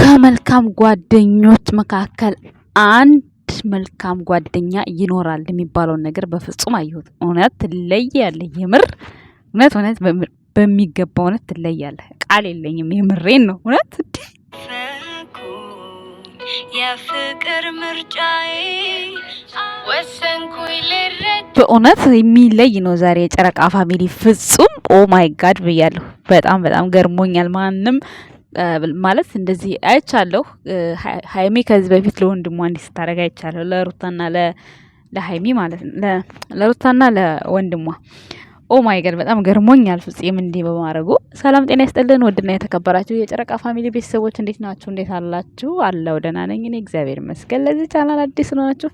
ከመልካም ጓደኞች መካከል አንድ መልካም ጓደኛ ይኖራል የሚባለውን ነገር በፍጹም አየሁት። እውነት ትለያለህ፣ የምር እውነት እውነት በሚገባ እውነት ትለያለህ። ቃል የለኝም፣ የምሬን ነው። እውነት የፍቅር ምርጫዬ በእውነት የሚለይ ነው ዛሬ የጨረቃ ፋሚሊ ፍጹም ኦ ማይ ጋድ ብያለሁ። በጣም በጣም ገርሞኛል። ማንም ማለት እንደዚህ አይቻለሁ። ሀይሚ ከዚህ በፊት ለወንድሟ እንዲህ ስታደርግ አይቻለሁ። ለሩታና ለሀይሚ ማለት ነው ለሩታና ለወንድሟ ኦ ማይ ጋድ በጣም ገርሞኛል ፍጹም እንዲህ በማድረጉ። ሰላም ጤና ይስጥልን ውድና የተከበራችሁ የጨረቃ ፋሚሊ ቤተሰቦች እንዴት ናችሁ? እንዴት አላችሁ? አለው ደህና ነኝ እኔ እግዚአብሔር ይመስገን። ለዚህ ቻናል አዲስ ስለሆናችሁ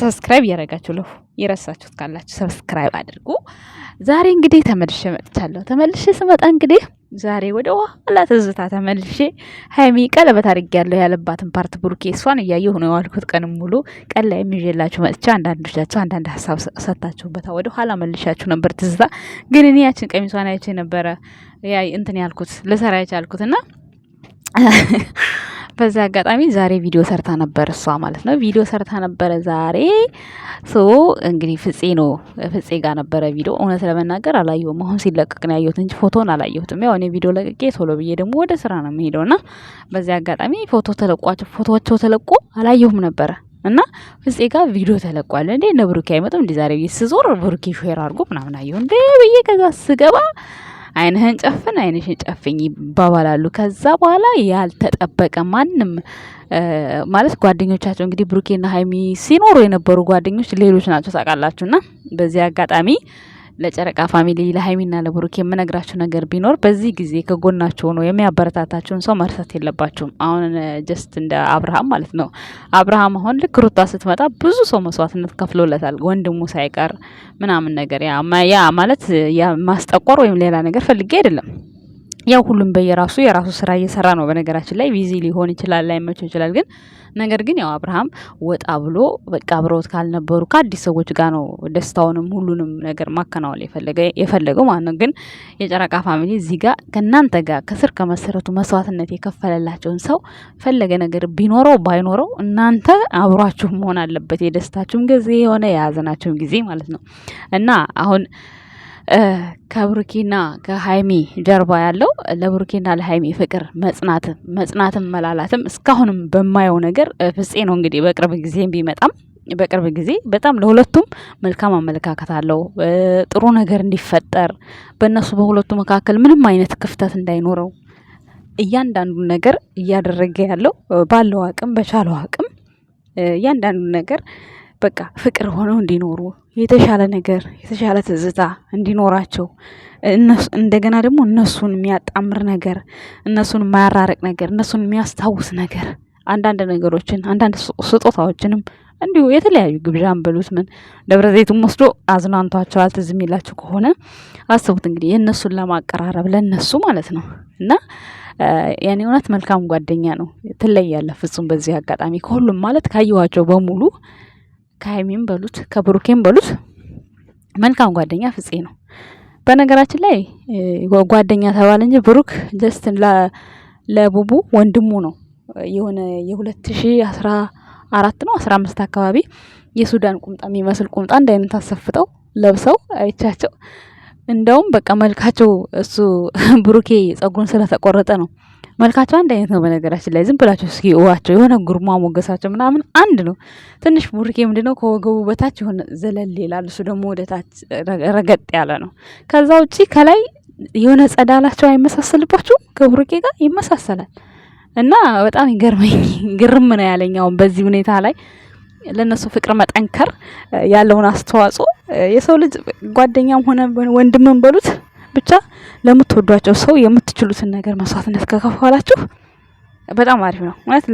ሰብስክራይብ እያደረጋችሁ ለሁ የረሳችሁት ካላችሁ ሰብስክራይብ አድርጉ። ዛሬ እንግዲህ ተመልሼ መጥቻለሁ። ተመልሼ ስመጣ እንግዲህ ዛሬ ወደ ኋላ ትዝታ ተመልሼ ሀይሚ ቀለበት አድርጌያለሁ ያለባትን ፓርት ብሩኬ እሷን እያየ ሆኖ የዋልኩት ቀንም ሙሉ ቀን ላይ የሚዤላችሁ መጥቼ አንዳንዶቻችሁ አንዳንድ ሀሳብ ሰታችሁበታ ወደ ኋላ መልሻችሁ ነበር። ትዝታ ግን እኔ ያችን ቀሚሷን አይቼ ነበረ እንትን ያልኩት ልሰራ የቻልኩት እና በዛ አጋጣሚ ዛሬ ቪዲዮ ሰርታ ነበር እሷ ማለት ነው። ቪዲዮ ሰርታ ነበረ ዛሬ ሶ እንግዲህ ፍጼ ነው ፍጼ ጋር ነበረ ቪዲዮ። እውነት ለመናገር አላየሁም፣ አሁን ሲለቀቅ ነው ያየሁት እንጂ ፎቶን አላየሁትም። ያው እኔ ቪዲዮ ለቅቄ ቶሎ ብዬ ደግሞ ወደ ስራ ነው የሚሄደው እና በዚያ አጋጣሚ ፎቶ ተለቋቸው ፎቶቸው ተለቆ አላየሁም ነበረ እና ፍጼ ጋር ቪዲዮ ተለቋል። እንዴ እነ ብሩኬ አይመጡም እንዲ ዛሬ ብዬ ስዞር ብሩኬ ሼር አድርጎ ምናምን አየሁ እንዴ ብዬ ከዛ ስገባ አይንህን ጨፍን አይንሽን ጨፍኝ ይባባላሉ። ከዛ በኋላ ያልተጠበቀ ማንም ማለት ጓደኞቻቸው እንግዲህ ብሩኬና ሀይሚ ሲኖሩ የነበሩ ጓደኞች ሌሎች ናቸው ታውቃላችሁና በዚህ አጋጣሚ ለጨረቃ ፋሚሊ ለሀይሚና ለብሩክ የምነግራችሁ ነገር ቢኖር በዚህ ጊዜ ከጎናችሁ ሆኖ የሚያበረታታችሁን ሰው መርሳት የለባችሁም። አሁን ጀስት እንደ አብርሃም ማለት ነው። አብርሃም አሁን ልክ ሩታ ስትመጣ ብዙ ሰው መስዋዕትነት ከፍሎለታል፣ ወንድሙ ሳይቀር ምናምን ነገር ያ ማለት ማስጠቆር ወይም ሌላ ነገር ፈልጌ አይደለም ያው ሁሉም በየራሱ የራሱ ስራ እየሰራ ነው። በነገራችን ላይ ቢዚ ሊሆን ይችላል፣ ላይመቸው ይችላል። ግን ነገር ግን ያው አብርሃም ወጣ ብሎ በቃ አብረውት ካልነበሩ ከአዲስ ሰዎች ጋር ነው ደስታውንም ሁሉንም ነገር ማከናወል የፈለገው ማለት ነው። ግን የጨረቃ ፋሚሊ እዚህ ጋር ከእናንተ ጋር ከስር ከመሰረቱ መስዋዕትነት የከፈለላቸውን ሰው ፈለገ ነገር ቢኖረው ባይኖረው እናንተ አብሯችሁ መሆን አለበት። የደስታችሁም ጊዜ የሆነ የያዘናችሁም ጊዜ ማለት ነው እና አሁን ከብሩኬና ከሀይሚ ጀርባ ያለው ለብሩኬና ለሀይሚ ፍቅር መጽናት መጽናትም መላላትም እስካሁንም በማየው ነገር ፍፄ ነው። እንግዲህ በቅርብ ጊዜ ቢመጣም በቅርብ ጊዜ በጣም ለሁለቱም መልካም አመለካከት አለው። ጥሩ ነገር እንዲፈጠር በእነሱ በሁለቱ መካከል ምንም አይነት ክፍተት እንዳይኖረው እያንዳንዱን ነገር እያደረገ ያለው ባለው አቅም በቻለው አቅም እያንዳንዱን ነገር በቃ ፍቅር ሆነው እንዲኖሩ የተሻለ ነገር የተሻለ ትዝታ እንዲኖራቸው እንደገና ደግሞ እነሱን የሚያጣምር ነገር እነሱን የማያራርቅ ነገር እነሱን የሚያስታውስ ነገር አንዳንድ ነገሮችን አንዳንድ ስጦታዎችንም እንዲሁ የተለያዩ ግብዣን በሉት ምን ደብረ ዘይቱም ወስዶ አዝናንቷቸዋል። ትዝ የሚላቸው ከሆነ አስቡት እንግዲህ የእነሱን ለማቀራረብ ለእነሱ ማለት ነው እና የኔ እውነት መልካም ጓደኛ ነው። ትለያለህ ፍጹም። በዚህ አጋጣሚ ከሁሉም ማለት ካየኋቸው በሙሉ ከሀይሚም በሉት ከብሩኬም በሉት መልካም ጓደኛ ፍፄ ነው። በነገራችን ላይ ጓደኛ ተባለ እንጂ ብሩክ ጀስት ለቡቡ ወንድሙ ነው። የሆነ የሁለት ሺ አስራ አራት ነው አስራ አምስት አካባቢ የሱዳን ቁምጣ የሚመስል ቁምጣ እንደ አይነት አሰፍጠው ለብሰው አይቻቸው። እንደውም በቃ መልካቸው እሱ ብሩኬ ጸጉሩን ስለተቆረጠ ነው መልካቸው አንድ አይነት ነው። በነገራችን ላይ ዝም ብላቸው እስኪ እዋቸው የሆነ ጉርማ ሞገሳቸው ምናምን አንድ ነው። ትንሽ ቡርኬ ምንድነው ከወገቡ በታች የሆነ ዘለል ይላል። እሱ ደግሞ ወደ ታች ረገጥ ያለ ነው። ከዛ ውጪ ከላይ የሆነ ጸዳላቸው አይመሳሰልባችሁም? ከቡርኬ ጋር ይመሳሰላል። እና በጣም ይገርመኝ ግርም ነው ያለኛውን በዚህ ሁኔታ ላይ ለእነሱ ፍቅር መጠንከር ያለውን አስተዋጽኦ የሰው ልጅ ጓደኛም ሆነ ወንድምን በሉት ብቻ ለምትወዷቸው ሰው የምትችሉትን ነገር መስዋዕትነት ከከፈላችሁ በጣም አሪፍ ነው ማለት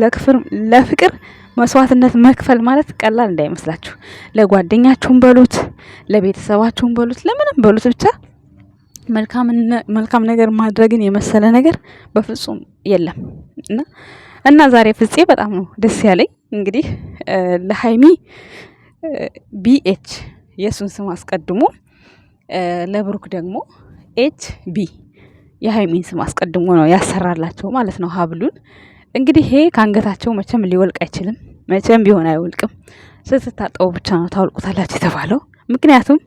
ለፍቅር መስዋዕትነት መክፈል ማለት ቀላል እንዳይመስላችሁ። ለጓደኛችሁም በሉት፣ ለቤተሰባችሁም በሉት፣ ለምንም በሉት ብቻ መልካም ነገር ማድረግን የመሰለ ነገር በፍጹም የለም እና እና ዛሬ ፍፄ በጣም ነው ደስ ያለኝ። እንግዲህ ለሀይሚ ቢኤች የእሱን ስም አስቀድሞ ለብሩክ ደግሞ ኤች ቢ የሀይሚን ስም አስቀድሞ ነው ያሰራላቸው ማለት ነው ሀብሉን። እንግዲህ ይሄ ከአንገታቸው መቼም ሊወልቅ አይችልም፣ መቼም ቢሆን አይወልቅም። ስትታጠቡ ብቻ ነው ታወልቁታላችሁ የተባለው። ምክንያቱም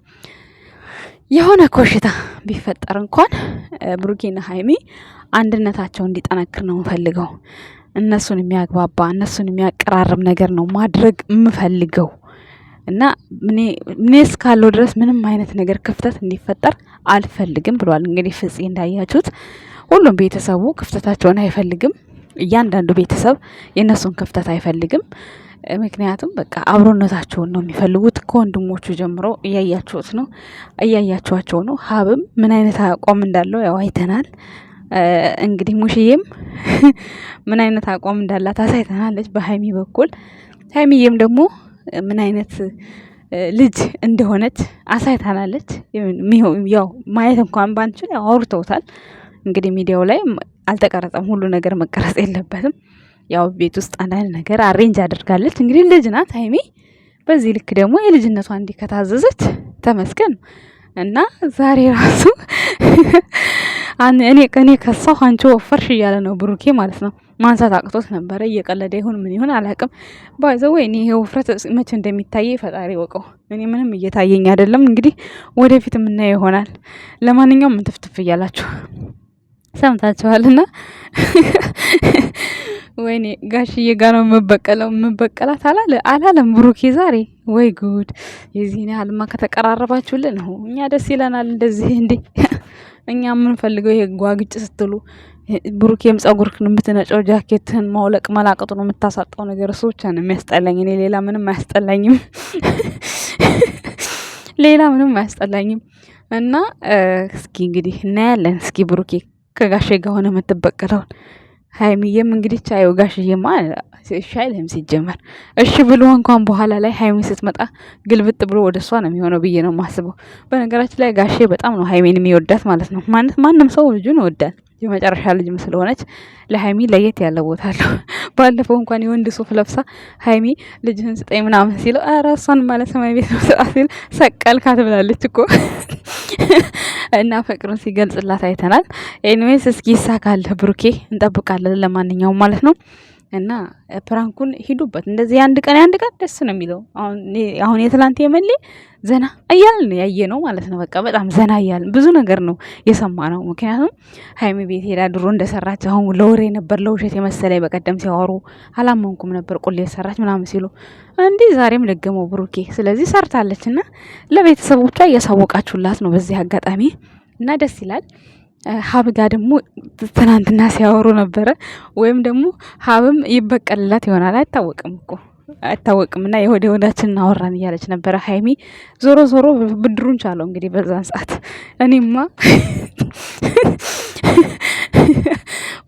የሆነ ኮሽታ ቢፈጠር እንኳን ብሩኬና ሀይሚ አንድነታቸው እንዲጠነክር ነው የምፈልገው። እነሱን የሚያግባባ እነሱን የሚያቀራርብ ነገር ነው ማድረግ የምፈልገው። እና እኔ እስካለው ድረስ ምንም አይነት ነገር ክፍተት እንዲፈጠር አልፈልግም ብሏል። እንግዲህ ፍፄ እንዳያችሁት ሁሉም ቤተሰቡ ክፍተታቸውን አይፈልግም። እያንዳንዱ ቤተሰብ የእነሱን ክፍተት አይፈልግም። ምክንያቱም በቃ አብሮነታቸውን ነው የሚፈልጉት። ከወንድሞቹ ጀምሮ እያያችሁት ነው፣ እያያችኋቸው ነው። ሀብም ምን አይነት አቋም እንዳለው ያው አይተናል። እንግዲህ ሙሽዬም ምን አይነት አቋም እንዳላት አሳይተናለች በሀይሚ በኩል ሀይሚዬም ደግሞ ምን አይነት ልጅ እንደሆነች አሳይታናለች። ያው ማየት እንኳን ባንችል ያው አውርተውታል። እንግዲህ ሚዲያው ላይ አልተቀረጸም፣ ሁሉ ነገር መቀረጽ የለበትም። ያው ቤት ውስጥ አንዳንድ ነገር አሬንጅ አድርጋለች። እንግዲህ ልጅ ናት ሀይሚ። በዚህ ልክ ደግሞ የልጅነቷ እንዲህ ከታዘዘች ተመስገን እና ዛሬ ራሱ እኔ ከኔ ከሳሁ አንቺ ወፈርሽ እያለ ነው ብሩኬ ማለት ነው። ማንሳት አቅቶት ነበረ። እየቀለደ ይሁን ምን ይሁን አላቅም። ባይዘወይ እኔ ይሄ ውፍረት መቼ እንደሚታየ ፈጣሪ ወቀው። እኔ ምንም እየታየኝ አይደለም። እንግዲህ ወደፊት የምናየው ይሆናል። ለማንኛውም ምንትፍትፍ እያላችሁ ሰምታችኋልና ወይኔ ጋሽዬ ጋ ነው የምበቀለው። የምበቀላት አላለ አላለም ብሩኬ ዛሬ። ወይ ጉድ! የዚህን ያህልማ ከተቀራረባችሁልን እኛ ደስ ይለናል። እንደዚህ እንዴ እኛ የምንፈልገው ይሄ ጓግጭ ስትሉ ብሩኬም ጸጉርህን የምትነጨው ጃኬትህን ማውለቅ ነው የምታሳጣው ነገር እሱ ብቻ ነው የሚያስጠላኝ። እኔ ሌላ ምንም አያስጠላኝም፣ ሌላ ምንም አያስጠላኝም። እና እስኪ እንግዲህ እናያለን። እስኪ ብሩኬ ከጋሼ ጋር ሆነ የምትበቀለውን ሀይሚዬም እንግዲህ ቻየው ጋሽዬማ እሺ አይልህም ሲጀመር። እሺ ብሎ እንኳን በኋላ ላይ ሀይሚ ስትመጣ ግልብጥ ብሎ ወደ እሷ ነው የሚሆነው ብዬ ነው የማስበው። በነገራችን ላይ ጋሼ በጣም ነው ሀይሜን የሚወዳት ማለት ነው። ማንም ሰው ልጁን ይወዳል። የመጨረሻ ልጅም ስለሆነች ለሀይሚ ለየት ያለ ቦታ አለው። ባለፈው እንኳን የወንድ ሱፍ ለብሳ ሀይሚ ልጅህን ስጠኝ ምናምን ሲለው ኧረ እሷን ማለት ሰማይ ቤት ስጣ ሲል ሰቀልካት ብላለች እኮ እና ፍቅሩን ሲገልጽላት አይተናል። ኤኒዌይስ እስኪ ይሳካል ብሩኬ እንጠብቃለን። ለማንኛውም ማለት ነው እና ፕራንኩን ሂዱበት። እንደዚህ የአንድ ቀን የአንድ ቀን ደስ ነው የሚለው። አሁን የትላንት የመሌ ዘና እያልን ያየ ነው ማለት ነው። በቃ በጣም ዘና እያልን ብዙ ነገር ነው የሰማ ነው። ምክንያቱም ሀይሚ ቤት ሄዳ ድሮ እንደሰራች አሁን ለወሬ ነበር ለውሸት የመሰለ በቀደም ሲያወሩ አላመንኩም ነበር ቁሌት ሰራች ምናምን ሲሉ እንዲህ ዛሬም ደገመው ብሩኬ። ስለዚህ ሰርታለች እና ለቤተሰቦቿ እያሳወቃችሁላት ነው በዚህ አጋጣሚ እና ደስ ይላል። ሀብ ደግሞ ትናንትና ሲያወሩ ነበረ። ወይም ደግሞ ሀብም ይበቀልላት ይሆናል አይታወቅም እኮ አይታወቅም። እና የሆድ ወዳችን እናወራን እያለች ነበረ ሀይሚ። ዞሮ ዞሮ ብድሩን ቻለው እንግዲህ በዛን ሰዓት እኔማ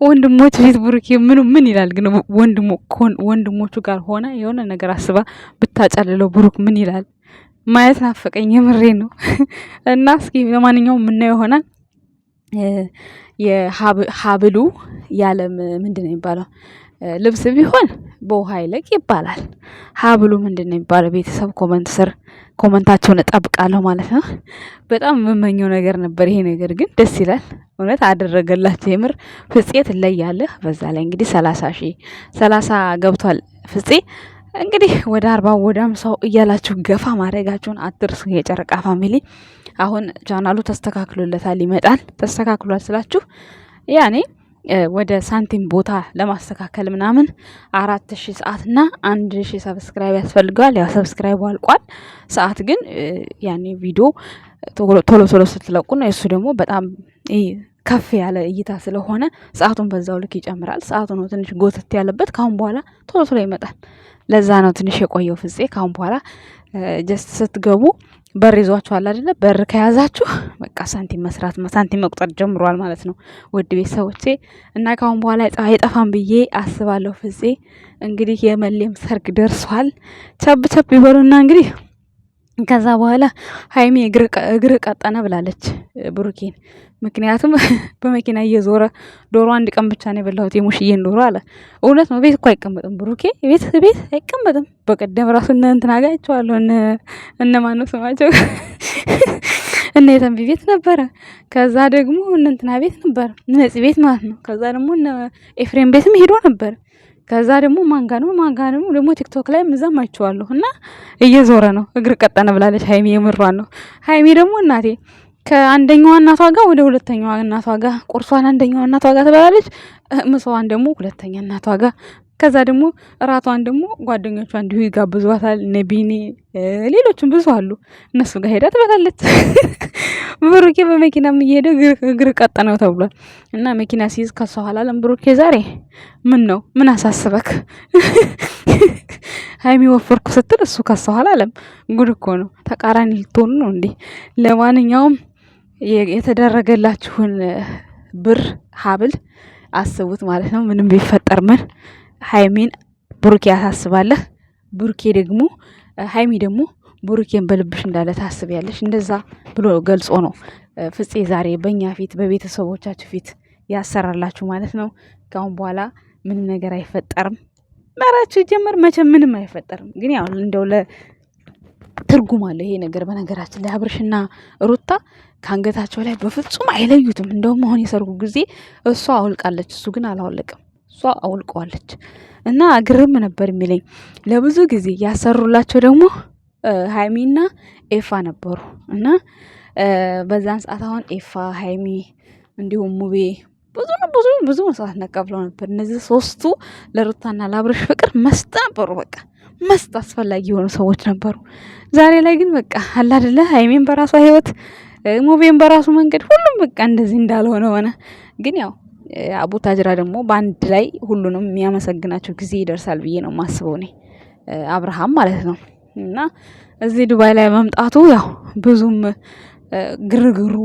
ወንድሞች ፊት ብሩኬ ምኑ ምን ይላል ግን ወንድሞቹ ጋር ሆነ የሆነ ነገር አስባ ብታጨልለው ብሩክ ምን ይላል ማየት ናፈቀኝ። የምሬ ነው። እና እስኪ ለማንኛውም የምናየው ይሆናል። የሀብሉ ያለም ምንድን ነው የሚባለው? ልብስ ቢሆን በውሃ ይለቅ ይባላል። ሀብሉ ምንድን ነው የሚባለው? ቤተሰብ ኮመንት ስር ኮመንታቸውን እጠብቃለሁ ማለት ነው። በጣም የምመኘው ነገር ነበር ይሄ ነገር ግን ደስ ይላል። እውነት አደረገላቸው። የምር ፍፄ ትለያለህ። በዛ ላይ እንግዲህ ሰላሳ ሺህ ሰላሳ ገብቷል ፍጼ እንግዲህ ወደ አርባ ወደ አምሳው እያላችሁ ገፋ ማድረጋችሁን አትርሱ። የጨረቃ ፋሚሊ አሁን ቻናሉ ተስተካክሎለታል፣ ይመጣል። ተስተካክሏል ስላችሁ ያኔ ወደ ሳንቲም ቦታ ለማስተካከል ምናምን አራት ሺ ሰዓት እና አንድ ሺ ሰብስክራይብ ያስፈልገዋል። ያው ሰብስክራይብ አልቋል። ሰዓት ግን ያኔ ቪዲዮ ቶሎ ቶሎ ስትለቁ ነው። እሱ ደግሞ በጣም ከፍ ያለ እይታ ስለሆነ ሰዓቱን በዛው ልክ ይጨምራል። ሰዓቱ ነው ትንሽ ጎተት ያለበት። ካሁን በኋላ ቶሎ ቶሎ ይመጣል። ለዛ ነው ትንሽ የቆየው ፍጼ። ካሁን በኋላ ጀስት ስትገቡ በር ይዟችኋል አይደለ? በር ከያዛችሁ በቃ ሳንቲም መስራት ሳንቲም መቁጠር ጀምሯል ማለት ነው፣ ውድ ቤተሰቦቼ እና ካሁን በኋላ አይጠፋም ብዬ አስባለሁ። ፍጼ እንግዲህ የመሌም ሰርግ ደርሷል። ቸብ ቸብ ይበሉና እንግዲህ ከዛ በኋላ ሀይሚ እግር ቀጠነ ብላለች ብሩኬን። ምክንያቱም በመኪና እየዞረ ዶሮ አንድ ቀን ብቻ ነው የበላሁት የሙሽዬን ዶሮ አለ። እውነት ነው፣ ቤት እኮ አይቀመጥም ብሩኬ፣ ቤት ቤት አይቀመጥም። በቀደም ራሱ እነ እንትን አጋቸዋለሁ እነ ማነው ስማቸው እነ የተንቢ ቤት ነበረ። ከዛ ደግሞ እነ እንትና ቤት ነበር፣ ነጽ ቤት ማለት ነው። ከዛ ደግሞ ኤፍሬም ቤትም ሄዶ ነበር ከዛ ደግሞ ማንጋ ነው ማንጋ ነው ደግሞ ቲክቶክ ላይ ምዛም አይቼዋለሁ እና እየዞረ ነው። እግር ቀጠነ ብላለች ሀይሚ፣ የምሯን ነው ሀይሚ። ደግሞ እናቴ ከአንደኛዋ እናቷ ጋር ወደ ሁለተኛዋ እናቷ ጋር ቁርሷን አንደኛዋ እናቷ ጋር ትበላለች፣ ምሳዋን ደግሞ ሁለተኛ እናቷ ጋር ከዛ ደግሞ እራቷን ደግሞ ጓደኞቿ እንዲሁ ይጋብዟታል። እነ ሌሎችም ብዙ አሉ። እነሱ ጋር ሄዳ ትበላለች። ብሩኬ በመኪናም እየሄደ እግር ቀጥ ነው ተብሏል። እና መኪና ሲይዝ ከሷ ኋላ ለም ብሩኬ ዛሬ ምን ነው ምን አሳስበክ ሀይሚ ወፈርኩ ስትል እሱ ከሷ ኋላ አለም። ጉድ እኮ ነው። ተቃራኒ ልትሆኑ ነው እንዴ? ለማንኛውም የተደረገላችሁን ብር ሀብል አስቡት ማለት ነው። ምንም ቢፈጠር ምን ሀይሚን ብሩኬ ያሳስባለህ። ብሩኬ ደግሞ ሀይሚ ደግሞ ብሩኬን በልብሽ እንዳለ ያለሽ እንደዛ ብሎ ገልጾ ነው ፍፄ ዛሬ በእኛ ፊት በቤተሰቦቻችሁ ፊት ያሰራላችሁ ማለት ነው። ካሁን በኋላ ምንም ነገር አይፈጠርም። መራችሁ ጀምር መቼም ምንም አይፈጠርም። ግን ያው እንደው ለትርጉም አለ ይሄ ነገር። በነገራችን ላይ አብርሽና ሩታ ከአንገታቸው ላይ በፍጹም አይለዩትም። እንደውም አሁን የሰርጉ ጊዜ እሷ አውልቃለች፣ እሱ ግን አላወለቅም። እሷ አውልቀዋለች እና ግርም ነበር የሚለኝ። ለብዙ ጊዜ ያሰሩላቸው ደግሞ ሀይሚና ኤፋ ነበሩ እና በዛን ሰዓት አሁን ኤፋ ሀይሚ እንዲሁም ሙቤ ብዙ ብዙ ብዙ መስዋዕትነት ከፍለው ነበር። እነዚህ ሶስቱ ለሩታና ለአብረሽ ፍቅር መስጥ ነበሩ። በቃ መስጥ አስፈላጊ የሆኑ ሰዎች ነበሩ። ዛሬ ላይ ግን በቃ አላደለ ሀይሜን በራሷ ህይወት ሙቤን በራሱ መንገድ ሁሉም በቃ እንደዚህ እንዳልሆነ ሆነ። ግን ያው አቡታጅራ ደግሞ በአንድ ላይ ሁሉንም የሚያመሰግናቸው ጊዜ ይደርሳል ብዬ ነው ማስበው እኔ አብርሃም ማለት ነው። እና እዚህ ዱባይ ላይ መምጣቱ ያው ብዙም ግርግሩ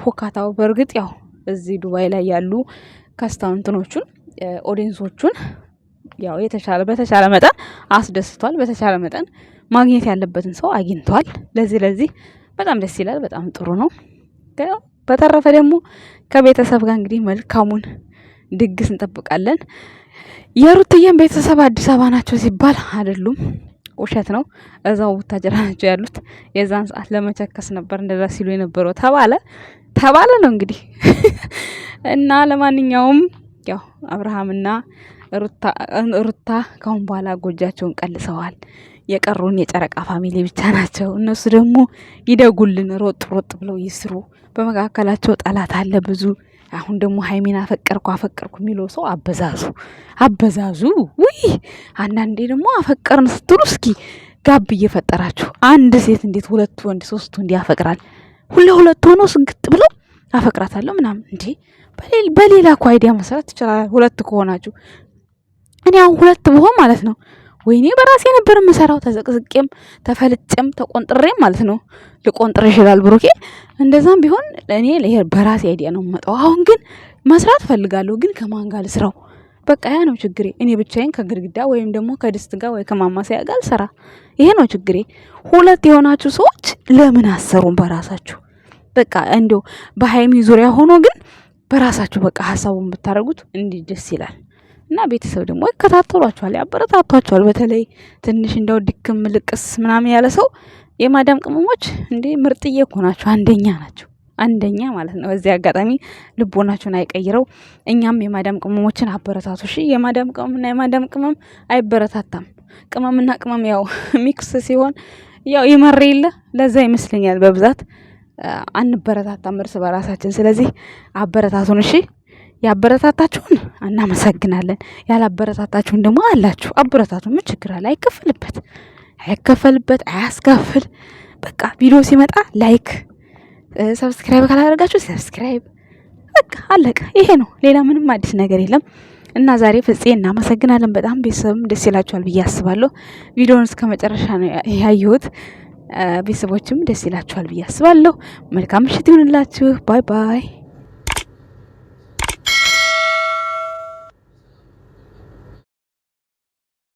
ፎካታው በእርግጥ ያው እዚህ ዱባይ ላይ ያሉ ከስታንትኖቹን ኦዲንሶቹን ያው የተሻለ በተሻለ መጠን አስደስቷል። በተሻለ መጠን ማግኘት ያለበትን ሰው አግኝቷል። ለዚህ ለዚህ በጣም ደስ ይላል። በጣም ጥሩ ነው። በተረፈ ደግሞ ከቤተሰብ ጋር እንግዲህ መልካሙን ድግስ እንጠብቃለን። የሩትዬን ቤተሰብ አዲስ አበባ ናቸው ሲባል አይደሉም፣ ውሸት ነው። እዛው ቡታጅራ ናቸው ያሉት። የዛን ሰዓት ለመቸከስ ነበር እንደዛ ሲሉ የነበረው ተባለ ተባለ ነው እንግዲህ እና ለማንኛውም ያው አብርሃምና ሩታ ካሁን በኋላ ጎጃቸውን ቀልሰዋል። የቀሩን የጨረቃ ፋሚሊ ብቻ ናቸው። እነሱ ደግሞ ይደጉልን፣ ሮጥ ሮጥ ብለው ይስሩ። በመካከላቸው ጠላት አለ ብዙ። አሁን ደግሞ ሀይሚን አፈቀርኩ አፈቀርኩ የሚለው ሰው አበዛዙ አበዛዙ። ውይ አንዳንዴ ደግሞ አፈቀርን ስትሉ እስኪ ጋብ እየፈጠራችሁ አንድ ሴት እንዴት ሁለት ወንድ ሶስት ወንድ ያፈቅራል? ሁለ ሁለት ሆኖ ስግጥ ብለው አፈቅራታለሁ ምናምን እንዴ በሌላ እኮ አይዲያ መሰራት ትችላል። ሁለት ከሆናችሁ እኔ አሁን ሁለት ብሆን ማለት ነው ወይኔ በራሴ ነበር የምሰራው። ተዘቅዝቄም ተፈልጬም ተቆንጥሬም ማለት ነው። ልቆንጥር ይችላል ብሩኬ። እንደዛም ቢሆን እኔ በራሴ አይዲያ ነው የምመጣው። አሁን ግን መስራት ፈልጋለሁ፣ ግን ከማን ጋር ልስራው? በቃ ያ ነው ችግሬ። እኔ ብቻዬን ከግድግዳ ወይም ደግሞ ከድስት ጋር ወይ ከማማሰያ ጋር ልሰራ፣ ይሄ ነው ችግሬ። ሁለት የሆናችሁ ሰዎች ለምን አሰሩም በራሳችሁ? በቃ እንዲያው በሀይሚ ዙሪያ ሆኖ ግን በራሳችሁ በቃ ሀሳቡን ብታደርጉት እንዲህ ደስ ይላል። እና ቤተሰብ ደግሞ ይከታተሏቸዋል፣ ያበረታቷቸዋል። በተለይ ትንሽ እንደው ድክም ልቅስ ምናምን ያለ ሰው የማዳም ቅመሞች እንዴ ምርጥዬ እኮ ናቸው፣ አንደኛ ናቸው፣ አንደኛ ማለት ነው። በዚህ አጋጣሚ ልቦናቸውን አይቀይረው። እኛም የማዳም ቅመሞችን አበረታቱ። እሺ፣ የማዳም ቅመምና የማዳም ቅመም አይበረታታም። ቅመምና ቅመም ያው ሚክስ ሲሆን ያው ይመር የለ ለዛ ይመስለኛል በብዛት አንበረታታም እርስ በራሳችን። ስለዚህ አበረታቱን እሺ። ያበረታታችሁን እናመሰግናለን። ያላበረታታችሁን ደግሞ አላችሁ አበረታቱ። ምን ችግር አለ? አይከፈልበት አይከፈልበት አያስከፍል። በቃ ቪዲዮ ሲመጣ ላይክ፣ ሰብስክራይብ ካላደረጋችሁ ሰብስክራይብ፣ በቃ አለቀ። ይሄ ነው። ሌላ ምንም አዲስ ነገር የለም። እና ዛሬ ፍፄ እናመሰግናለን። በጣም ቤተሰብም ደስ ይላችኋል ብዬ አስባለሁ። ቪዲዮውን እስከ መጨረሻ ነው ያየሁት። ቤተሰቦችም ደስ ይላችኋል ብዬ አስባለሁ። መልካም ምሽት ይሁንላችሁ። ባይ ባይ